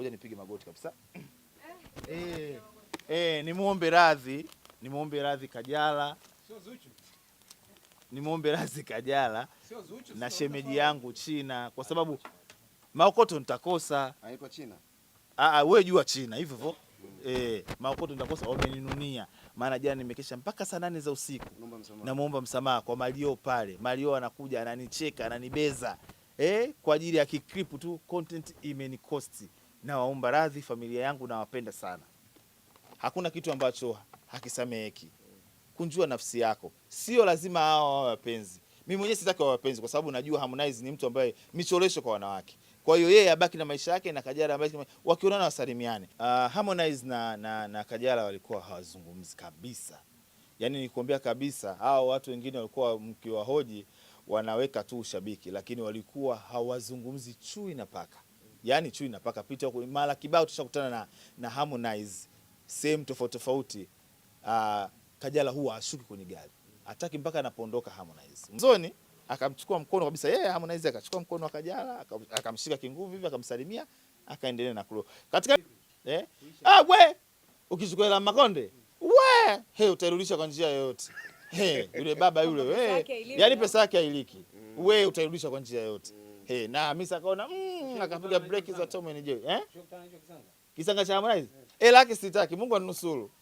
Ngoja nipige magoti kabisa eh. eh, eh, nimuombe radhi, nimuombe radhi Kajala, nimuombe radhi Kajala na shemeji yangu China, kwa sababu maokoto nitakosa. Haiko ah, China, ah, ah, wewe jua China hivyo hivyo Eh, maokoto nitakosa, wameninunia. Maana jana nimekesha mpaka saa nane za usiku, namwomba msamaha kwa Mario pale. Mario anakuja ananicheka ananibeza, eh, kwa ajili ya kikripu tu, content imenikosti nawaomba radhi familia yangu, nawapenda sana. Hakuna kitu ambacho hakisameheki. Kunjua nafsi yako, sio lazima hao wawe wapenzi. Mimi mwenyewe sitaki wawe wapenzi, kwa sababu najua Harmonize ni mtu ambaye micholesho kwa wanawake. Kwa hiyo yeye abaki na maisha yake na Kajala abaki wakionana wasalimiane. Uh, Harmonize na, na, na Kajala walikuwa hawazungumzi kabisa, yaani nikuambia kabisa, hao watu wengine walikuwa mkiwahoji wanaweka tu ushabiki, lakini walikuwa hawazungumzi chui na paka yani chui inapaka picha huko mara kibao tushakutana na, na Harmonize sehemu tofauti tofauti. Uh, Kajala huwa ashuki kwenye gari hataki mpaka anapoondoka Harmonize. Mzoni akamchukua mkono kabisa yeye, yeah, Harmonize akachukua mkono wa Kajala akamshika kinguvu hivi akamsalimia akaendelea na kulo katika eh? Ah, we ukichukua la Makonde we he utairudisha kwa njia yoyote he, yule baba yule we, yani pesa yake hailiki we utairudisha kwa njia yoyote. Hey, eh, na Hamisa akaona mmm, akapiga break za Tom and Jerry. Eh? Kisanga cha Harmonize? Eh, eh laki sitaki. Mungu anusuru.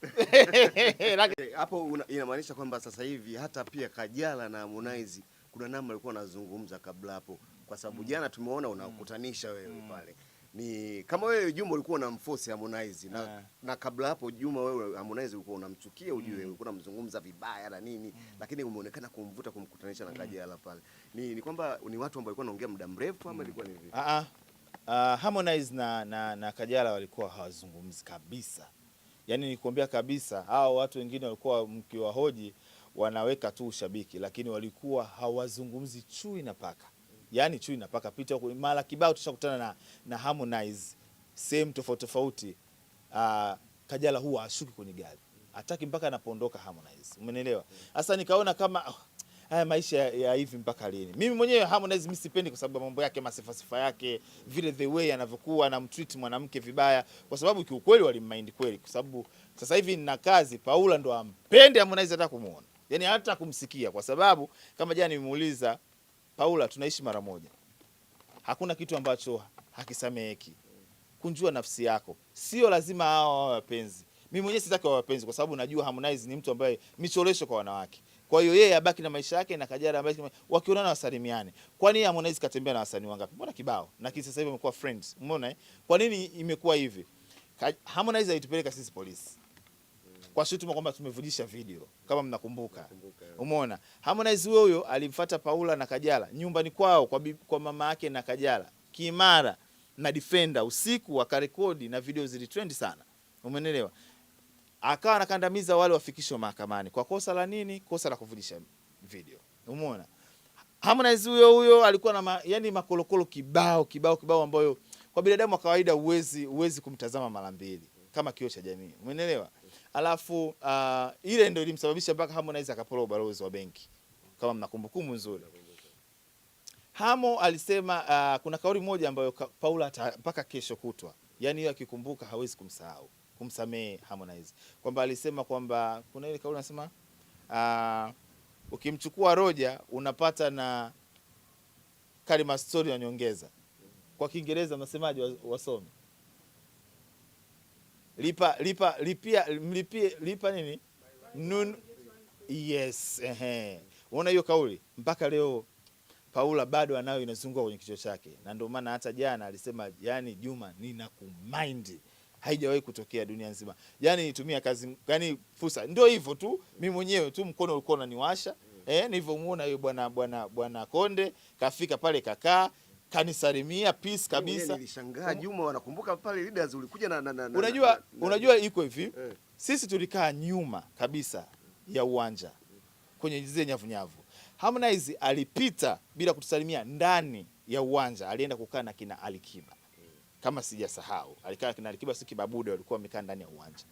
Eh, hapo inamaanisha kwamba sasa hivi hata pia Kajala na Harmonize kuna namna alikuwa anazungumza kabla hapo, kwa sababu mm. jana tumeona unakutanisha mm. wewe pale ni kama wewe Juma ulikuwa unamforce Harmonize na, yeah. na kabla hapo Juma wewe Harmonize ulikuwa unamchukia ujue, mm. ulikuwa unamzungumza vibaya na nini mm. lakini umeonekana kumvuta kumkutanisha na mm. Kajala pale. Ni, ni kwamba ni watu ambao walikuwa wanaongea muda mrefu ama mm. ilikuwa ni vipi? Ah, ah ah, Harmonize na, na, na Kajala walikuwa hawazungumzi kabisa, yaani nikuambia kabisa, hao watu wengine walikuwa mkiwahoji wanaweka tu ushabiki, lakini walikuwa hawazungumzi chui na paka yani chui inapaka picha mara kibao, tushakutana na, na Harmonize sehemu tofauti tofauti. Uh, Kajala huwa ashuki kwenye gari hataki mpaka anapoondoka Harmonize, umeelewa? Sasa nikaona kama ah, haya maisha ya hivi mpaka lini? Mimi mwenyewe Harmonize mimi sipendi kwa sababu mambo yake masifa sifa yake vile the way anavyokuwa mtreat mwanamke vibaya, kwa sababu kiukweli walimmind kweli, kwa sababu sasa hivi nina kazi Paula ndo ampende Harmonize hata kumuona, yani hata kumsikia, kwa sababu kama jana nimemuuliza Paula, tunaishi mara moja, hakuna kitu ambacho hakisameheki. Kunjua nafsi yako, sio lazima hao wawe wapenzi. Mimi mwenyewe sitaki wawe wapenzi, kwa sababu najua Harmonize ni mtu ambaye michoresho kwa wanawake. Kwa hiyo yeye abaki na maisha yake na Kajala abaki na... wakionana wasalimiane. Kwa nini Harmonize katembea na wasanii wangapi? Mbona kibao. Na kisa sasa hivi amekuwa friends. Umeona eh? Kwa nini imekuwa hivi? Harmonize haitupeleka sisi polisi kwa sisi tuma kwamba tumevujisha video kama mnakumbuka. Umeona? Harmonize huyo alimfuata Paula na Kajala nyumbani kwao kwa, kwa mama yake na Kajala Kimara na Defender usiku akarekodi na video zilitrend sana. Umeelewa? Akawa anakandamiza wale wafikishwe mahakamani kwa kosa la nini? Kosa la kuvujisha video. Umeona? Harmonize huyo huyo alikuwa na ma, yani makolokolo kibao kibao kibao ambayo kwa binadamu wa kawaida uwezi uwezi kumtazama mara mbili kama kioo cha jamii. Umeelewa? alafu uh, ile ndio ilimsababisha mpaka Harmonize akapola ubalozi wa benki, kama mna kumbukumbu nzuri. Hamo alisema uh, kuna kauli moja ambayo Paula mpaka kesho kutwa, yani hiyo akikumbuka hawezi kumsahau kumsamehe Harmonize, kwamba alisema kwamba kuna ile kauli anasema uh, ukimchukua Roja unapata na kalima story ya nyongeza. Kwa Kiingereza unasemaje wasomi? lipa, lipa, lipia, mlipie, lipa nini Nun, yes ehe. Unaona hiyo kauli mpaka leo Paula bado anayo inazungua kwenye kichwa chake, na ndio maana hata jana alisema, yani Juma, ninakumind haijawahi kutokea dunia nzima. Yani nitumia kazi, yani fursa, ndio hivyo tu, mimi mwenyewe tu mkono ulikuwa unaniwasha mm. Eh, nilivyomuona huyo bwana bwana bwana Konde kafika pale kakaa kanisalimia peace yaani kabisa. Nilishangaa Juma, wanakumbuka pale leaders ulikuja na, na, na, unajua na, na, unajua iko hivi eh. Sisi tulikaa nyuma kabisa ya uwanja kwenye zile nyavunyavu. Harmonize alipita bila kutusalimia ndani ya uwanja, alienda kukaa na kina Alikiba kama sijasahau, alikaa kina Alikiba si Kibabude, walikuwa wamekaa ndani ya uwanja.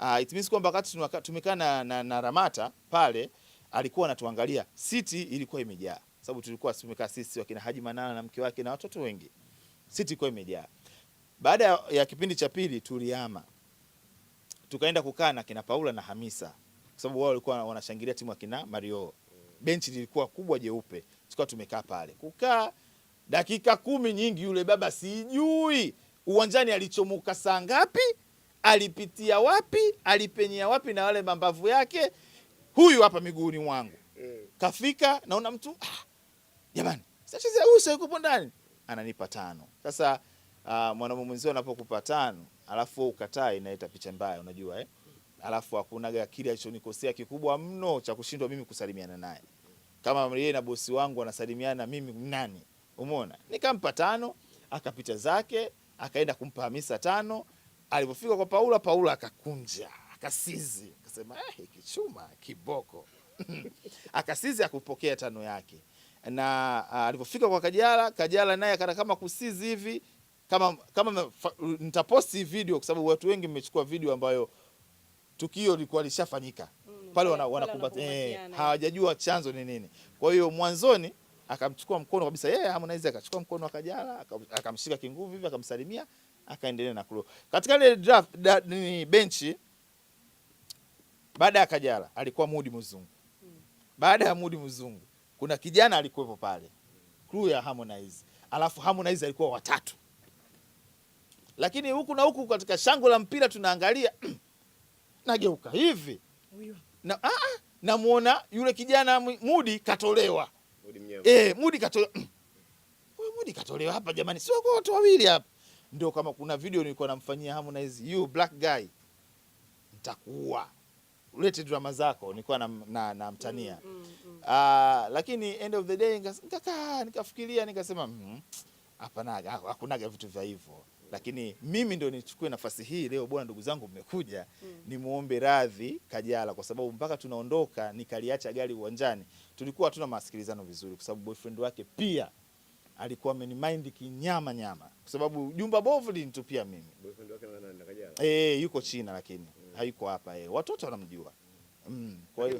Uh, it means kwamba wakati tumekaa na, na, na Ramata pale alikuwa anatuangalia, siti ilikuwa imejaa sababu tulikuwa tumekaa sisi wakina Haji Manana na mke wake na watoto wengi, siti kwa imejaa. Baada ya kipindi cha pili tulihama, tukaenda kukaa na kina Paula na Hamisa, kwa sababu wao walikuwa wanashangilia timu ya kina Mario. Benchi lilikuwa kubwa jeupe, tukawa tumekaa pale kukaa dakika kumi nyingi. Yule baba sijui uwanjani alichomuka saa ngapi, alipitia wapi, alipenyea wapi na wale mambavu yake, huyu hapa miguuni mwangu mm. kafika, naona mtu ah, jamani, sachezea uso yuko ndani, ananipa tano. Sasa uh, ah, mwanamume mwenzio anapokupa tano alafu ukataa, inaita picha mbaya, unajua eh? Alafu hakunaga kile alichonikosea kikubwa mno cha kushindwa mimi kusalimiana naye, kama yeye na bosi wangu anasalimiana, mimi nani? Umeona, nikampa tano, akapita zake, akaenda kumpa Hamisa tano. Alipofika kwa Paula, Paula akakunja akasizi, akasema eh, kichuma kiboko akasizi akupokea tano yake na ah, alipofika kwa Kajala, Kajala naye akana kama kusizi hivi kama, kama nitaposti video kwa sababu watu wengi mmechukua video ambayo tukio lilikuwa lishafanyika mm, pale wanakumbatia eh, eh hawajajua chanzo ni nini. Kwa hiyo mwanzoni akamchukua mkono kabisa yeye yeah, Harmonize akachukua mkono wa Kajala akamshika kinguvu hivi akamsalimia akaendelea na kulo katika ile draft da, ni benchi. Baada ya Kajala alikuwa Mudi Mzungu, mm. baada ya Mudi Mzungu kuna kijana alikuwepo pale crew ya Harmonize, alafu Harmonize alikuwa watatu, lakini huku na huku katika shango la mpira tunaangalia nageuka hivi na, ah, ah, namuona yule kijana Mudi katolewa e, eh, Mudi katolewa Mudi katolewa hapa, jamani, sio kwa watu wawili hapa? Ndio kama kuna video nilikuwa namfanyia Harmonize, you black guy, nitakuua ulete drama zako, nilikuwa namtania na, mm, na mm, mm. Uh, lakini end of the day nikakaa nikafikiria nikasema hapana, hmm, hakunaga vitu vya hivyo, lakini mimi ndio nichukue nafasi hii leo, bwana ndugu zangu mmekuja, mm, nimuombe radhi Kajala kwa sababu mpaka tunaondoka nikaliacha gari uwanjani, tulikuwa hatuna masikilizano vizuri, kwa sababu boyfriend wake pia alikuwa amenimind kinyama nyama, kwa sababu jumba bovu linitupia mimi. Boyfriend wake nani? Kajala eh, yuko China lakini mm, hayuko hapa eh, watoto wanamjua Mm.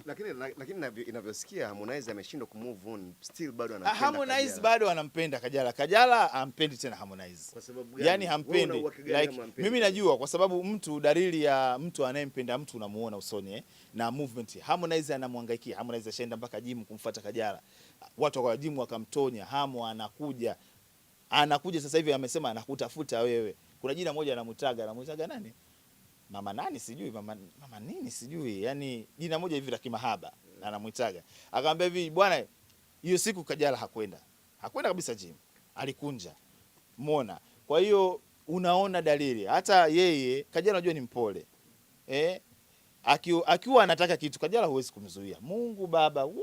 lakini lakini inavyosikia Harmonize ameshindwa kumove on, still bado anampenda ah, Harmonize, bado anampenda Kajala. Kajala ampendi tena Harmonize. Kwa sababu gani? Yani hampendi like, mimi najua kwa sababu mtu, dalili ya mtu anayempenda mtu unamuona usoni eh, na movement. Harmonize anamhangaikia. Harmonize ashaenda mpaka jimu kumfuata Kajala, watu wa jimu wakamtonya, hamu anakuja anakuja sasa hivi amesema anakutafuta wewe. Kuna jina moja anamtaga, anamtaga nani? mama nani sijui mama, mama nini sijui, yani jina moja hivi la kimahaba anamuitaga Akamwambia hivi, bwana, hiyo siku Kajala hakwenda, hakwenda kabisa gym, alikunja muona. Kwa hiyo unaona dalili hata yeye Kajala, unajua ni mpole eh, Aki, akiwa anataka kitu Kajala huwezi kumzuia. Mungu Baba we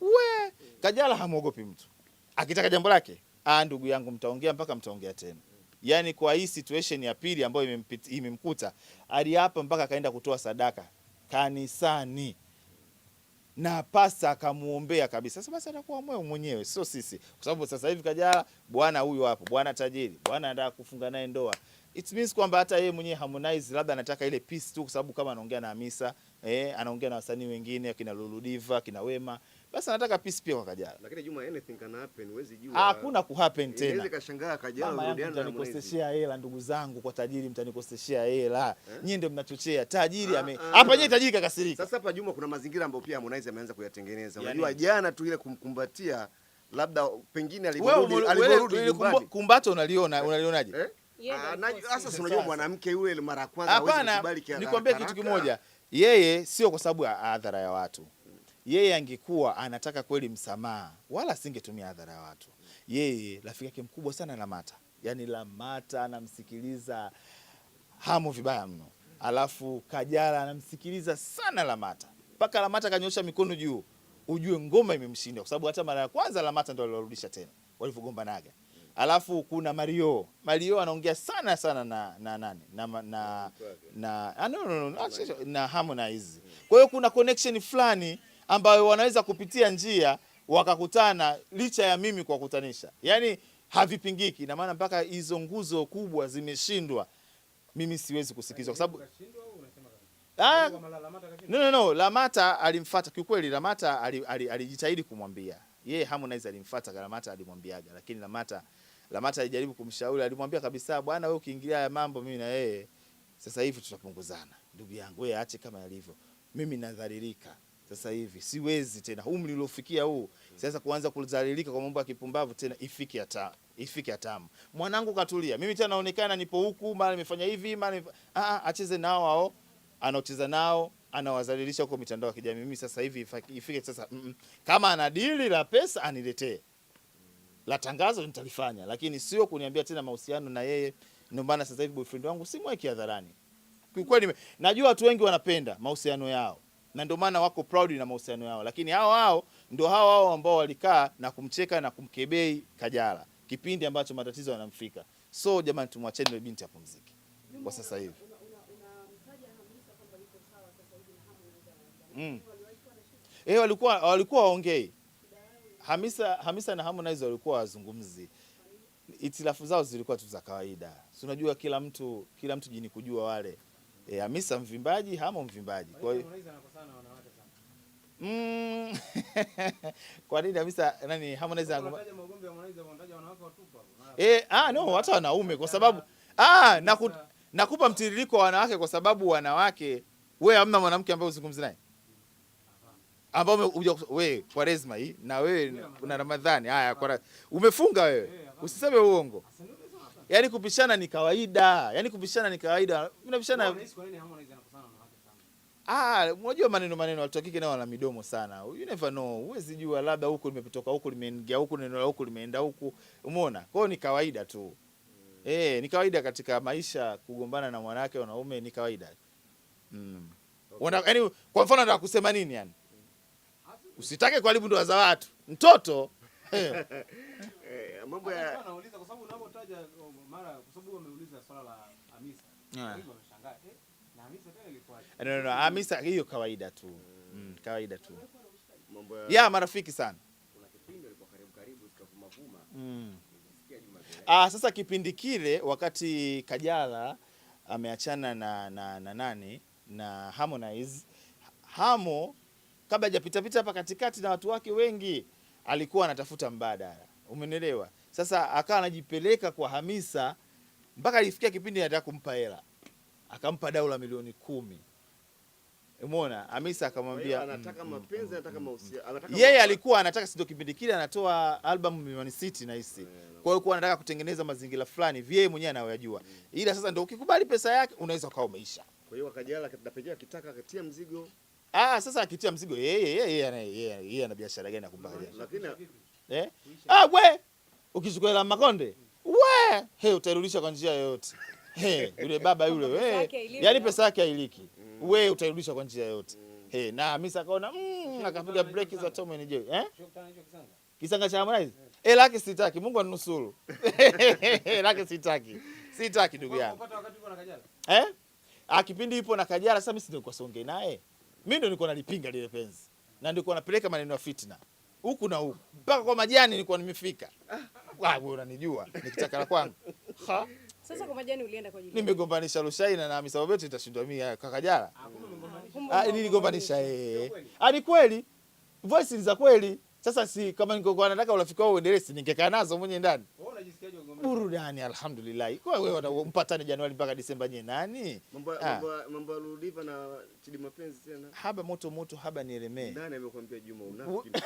we, Kajala hamwogopi mtu, akitaka jambo lake, ah, ndugu yangu, mtaongea mpaka mtaongea tena yani kwa hii situation ya pili ambayo imemkuta aliapa mpaka akaenda kutoa sadaka kanisani na pasta akamuombea kabisa. Sasa basi atakuwa moyo mwenyewe, sio sisi, kwa sababu sasa hivi kaja bwana huyu hapo, bwana tajiri, bwana anataka kufunga naye ndoa. It means kwamba hata yeye mwenyewe Harmonize labda anataka ile peace tu, kwa sababu kama anaongea na Hamisa eh, anaongea na wasanii wengine akina Lulu Diva, akina Wema basi nataka peace pia kwa Kajala. Lakini Juma, anything can happen, huwezi jua. Ah, hakuna ku happen tena. Inaweza kashangaa Kajala rudiana na mwezi. mtanikosteshia hela ndugu zangu kwa tajiri mtanikosteshia hela. Eh? Nyinyi ndio mnachochea. Tajiri ah, ame. Ah. Hapa nyinyi tajiri kakasirika. Sasa hapa Juma kuna mazingira ambayo pia Harmonize ameanza kuyatengeneza. Unajua jana tu ile kumkumbatia labda pengine aliporudi aliporudi nyumbani. Kumbato unaliona eh? unalionaje? Eh? Sasa unajua mwanamke yule mara kwanza hawezi kukubali kiasi. Hapana, nikwambie kitu kimoja. Yeye sio kwa sababu ya adhara ya watu yeye angekuwa anataka kweli msamaha, wala asingetumia hadhara ya watu. Yeye rafiki yake mkubwa sana Lamata, yaani Lamata anamsikiliza Hamu vibaya mno, alafu Kajala anamsikiliza sana Lamata mpaka Lamata kanyosha mikono juu, ujue ngoma imemshinda, kwa sababu hata mara ya kwanza Lamata ndo alirudisha tena naga. Alafu kuna Mario, Mario anaongea sana sana na na nani na na na, na, na, na, na, na na, na Harmonize. Kwa hiyo kuna connection fulani ambayo wanaweza kupitia njia wakakutana licha ya mimi kuwakutanisha, yaani havipingiki. na maana mpaka hizo nguzo kubwa zimeshindwa, mimi siwezi kusikizwa kwa sababu Ah, no, no, no. Lamata alimfuata kiukweli. Lamata alijitahidi ali, ali kumwambia ye Harmonize alimfuata Lamata, alimwambiaga lakini Lamata Lamata alijaribu kumshauri, alimwambia kabisa, bwana wewe ukiingilia haya mambo mimi na yeye sasa hivi tutapunguzana, ndugu yangu, wewe aache kama yalivyo, mimi nadhalilika sasa hivi siwezi tena, umri uliofikia huu sasa kuanza kuzalilika kwa mambo ya kipumbavu tena, ifike hata ifike hatamu. Mwanangu katulia, mimi tena naonekana nipo huku, mara nimefanya hivi, mara ah, acheze nao hao, anaocheza nao anawazalilisha huko mitandao ya kijamii. Mimi sasa hivi ifike sasa, mm, kama ana dili la pesa aniletee, la tangazo nitalifanya, lakini sio kuniambia tena mahusiano na yeye. Ndio maana sasa hivi boyfriend wangu simweki hadharani kiukweli. Najua watu wengi wanapenda mahusiano yao na ndio maana wako proud na mahusiano yao, lakini hao hao ndio hao hao ambao walikaa na kumcheka na kumkebei Kajala kipindi ambacho matatizo yanamfika. So jamani, tumwacheni yule binti apumzike kwa sasa hivi. Mm. Eh, walikuwa walikuwa waongei Hamisa, Hamisa na Harmonize walikuwa wazungumzi, itilafu zao zilikuwa tu za kawaida, si unajua kila mtu kila mtu jini kujua wale. E, Hamisa mvimbaji, Hamo mvimbaji, kwa hiyo Mm. Kwa nini kabisa nani Harmonize Eh, ah no, hata wanaume kwa sababu ah naku, nakupa mtiririko wa wanawake kwa sababu wanawake wewe hamna mwanamke ambaye uzungumzi naye ambao we kwa rezma hii na wewe una Ramadhani haya kwa umefunga wewe. Eh, Usiseme uongo. Yaani kupishana ni kawaida. Yaani kupishana ni kawaida. Kwa nini Unapishana. Ah, unajua maneno maneno watu wa kike nao wana midomo sana. You never know. Huwezi jua labda huko limetoka huko limeingia huko neno la huko limeenda huko. Umeona? Kwa hiyo ni kawaida tu. Mm. Eh, ni kawaida katika maisha kugombana na mwanamke wanaume ni kawaida. Mm. Okay. Wana, yani, kwa mfano nataka kusema nini yani? Mm. Usitake kuharibu ndoa za watu. Mtoto eh. eh. mambo ya anauliza kwa sababu unapotaja oh, mara kwa sababu ameuliza swala la Hamisa. Yeah. Ameshangaa. Eh? No, no, no. Hamisa ah, hiyo kawaida tu mm, kawaida tu ya marafiki sana mm. Ah, sasa kipindi kile wakati Kajala ameachana na, na, na nani na Harmonize, Hamo kabla hajapitapita hapa katikati na watu wake wengi alikuwa anatafuta mbadala, umenielewa? Sasa akawa anajipeleka kwa Hamisa mpaka alifikia kipindi anataka kumpa hela akampa dau la milioni kumi. Umeona, Hamisa akamwambia anataka mapenzi, anataka mahusiano, anataka yeye alikuwa anataka, si ndio? Kipindi kile anatoa albamu Mlimani City na hisi, eh, kwa hiyo alikuwa anataka kutengeneza mazingira fulani vyeye mwenyewe anayojua, mm. ila sasa ndio ukikubali pesa yake unaweza ukawa umeisha. Kwa hiyo akajala na pengine akitaka akatia mzigo. Ah, sasa akitia mzigo yeye yeye yeye ana biashara gani akumpa kajala? Lakini eh, ah we ukichukua la Makonde we, he utairudisha kwa njia yoyote hey, yule baba yule hey, yaani pesa yake hailiki mm. Wewe utairudisha kwa njia yote mm. hey, na Hamisa akaona mm, akapiga breki za Tom and Jerry eh? Kisanga cha Harmonize yeah. Eh, laki sitaki, Mungu anusuru laki sitaki, sitaki ndugu yangu eh? Akipindi ah, ipo na Kajala, sasa mimi si songe kuwasonge naye, mimi ndio nilikuwa nalipinga lile penzi na ndio nilikuwa napeleka maneno ya fitna huku na huku mpaka kwa majani nilikuwa nimefika. Ah. Wewe unanijua nikichakala kwangu ha? Sasa kwa majani ulienda kwa ajili. Nimegombanisha Rushaina na sababu yetu itashindwa mimi ya eh, kaka Ah, ah niligombanisha eh. Ah, ni kweli. Voice ni za kweli. Sasa si kama ningekuwa nataka urafiki wao uendelee, ningekaa nazo mwenye ndani burudani alhamdulillah. Kwa wewe mpatane Januari mpaka Disemba nye nani? Mambo ah. mambo Rudiva na Chidi Mapenzi tena. Haba moto moto haba nielemee. Nani amekwambia Juma unafiki?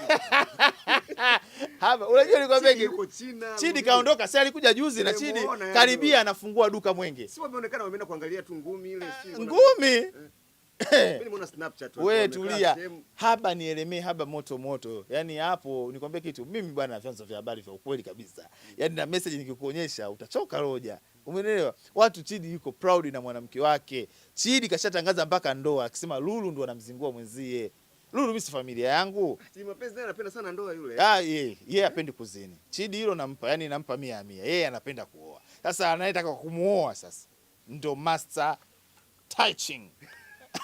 Haba unajua nikwambia yuko China. Chidi kaondoka, sasa alikuja juzi na Chidi karibia anafungua duka Mwenge. Si wameonekana wameenda kuangalia tu ngumi ile si ah, ngumi. Eh. We tulia haba, nielemee haba moto moto. Yaani hapo nikwambie kitu mimi bwana, vyanzo vya habari vya ukweli kabisa, yaani na message nikikuonyesha utachoka roja, umeelewa? Watu Chidi yuko proud na mwanamke wake. Chidi kashatangaza mpaka ndoa, akisema Lulu ndo anamzingua mwenzie. Lulu mimi si familia yangu. Chidi mapenzi naye anapenda sana ndoa yule. Ah, yeye yeah, yeah, hapendi kuzini. Chidi hilo nampa, yani nampa 100 100. Yeye anapenda kuoa. Sasa anayetaka kumuoa sasa ndo master touching.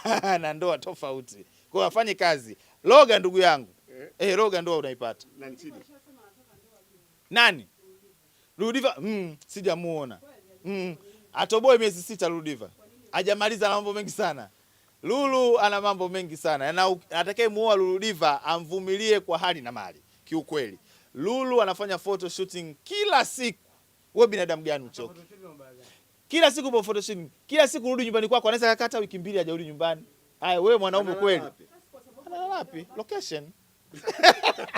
na ndoa tofauti. Kwa hiyo afanye kazi. loga ndugu yangu. Eh, eh loga ndoa unaipata. Nani? Nani? Rudiva, mm, sijamuona. Mm, atoboe miezi sita Rudiva. Hajamaliza na mambo mengi sana. Lulu ana mambo mengi sana. Na atakaye muoa Lulu Diva amvumilie kwa hali na mali. Kiukweli. Lulu anafanya photo shooting kila siku. Wewe binadamu gani uchoke? Kila siku upo photoshoot, kila siku rudi nyumbani kwako, anaweza kakata wiki mbili hajarudi nyumbani. Haya wewe mwanaume kweli. Analala wapi? Location.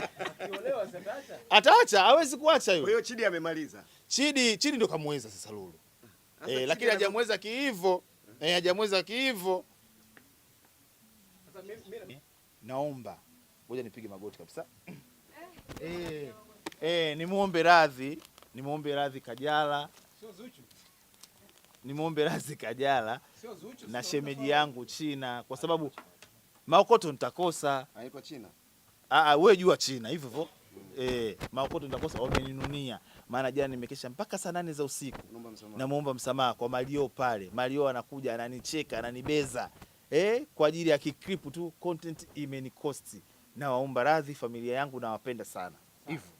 Ataacha, hawezi kuacha hiyo. Kwa hiyo Chidi amemaliza. Chidi, Chidi ndo kamweza sasa Lulu. Ah, eh, lakini hajamweza kiivo. Eh, hajamweza kiivo. Eh, naomba. Ngoja nipige magoti kabisa. Eh, eh, eh nimuombe radhi, nimuombe radhi Kajala. Sio Zuchu nimwombe razi Kajala na shemeji yangu China kwa sababu maokoto nitakosa. Haiko China. Ah, ah, wewe jua China hivyo hivyo. Eh, maokoto nitakosa, wameninunia maana jana nimekesha mpaka saa nane za usiku. Namwomba msamaha kwa Malio pale. Malio anakuja ananicheka ananibeza eh, kwa ajili ya kikripu tu, content imenikosti. Nawaomba radhi familia yangu, nawapenda sana hivyo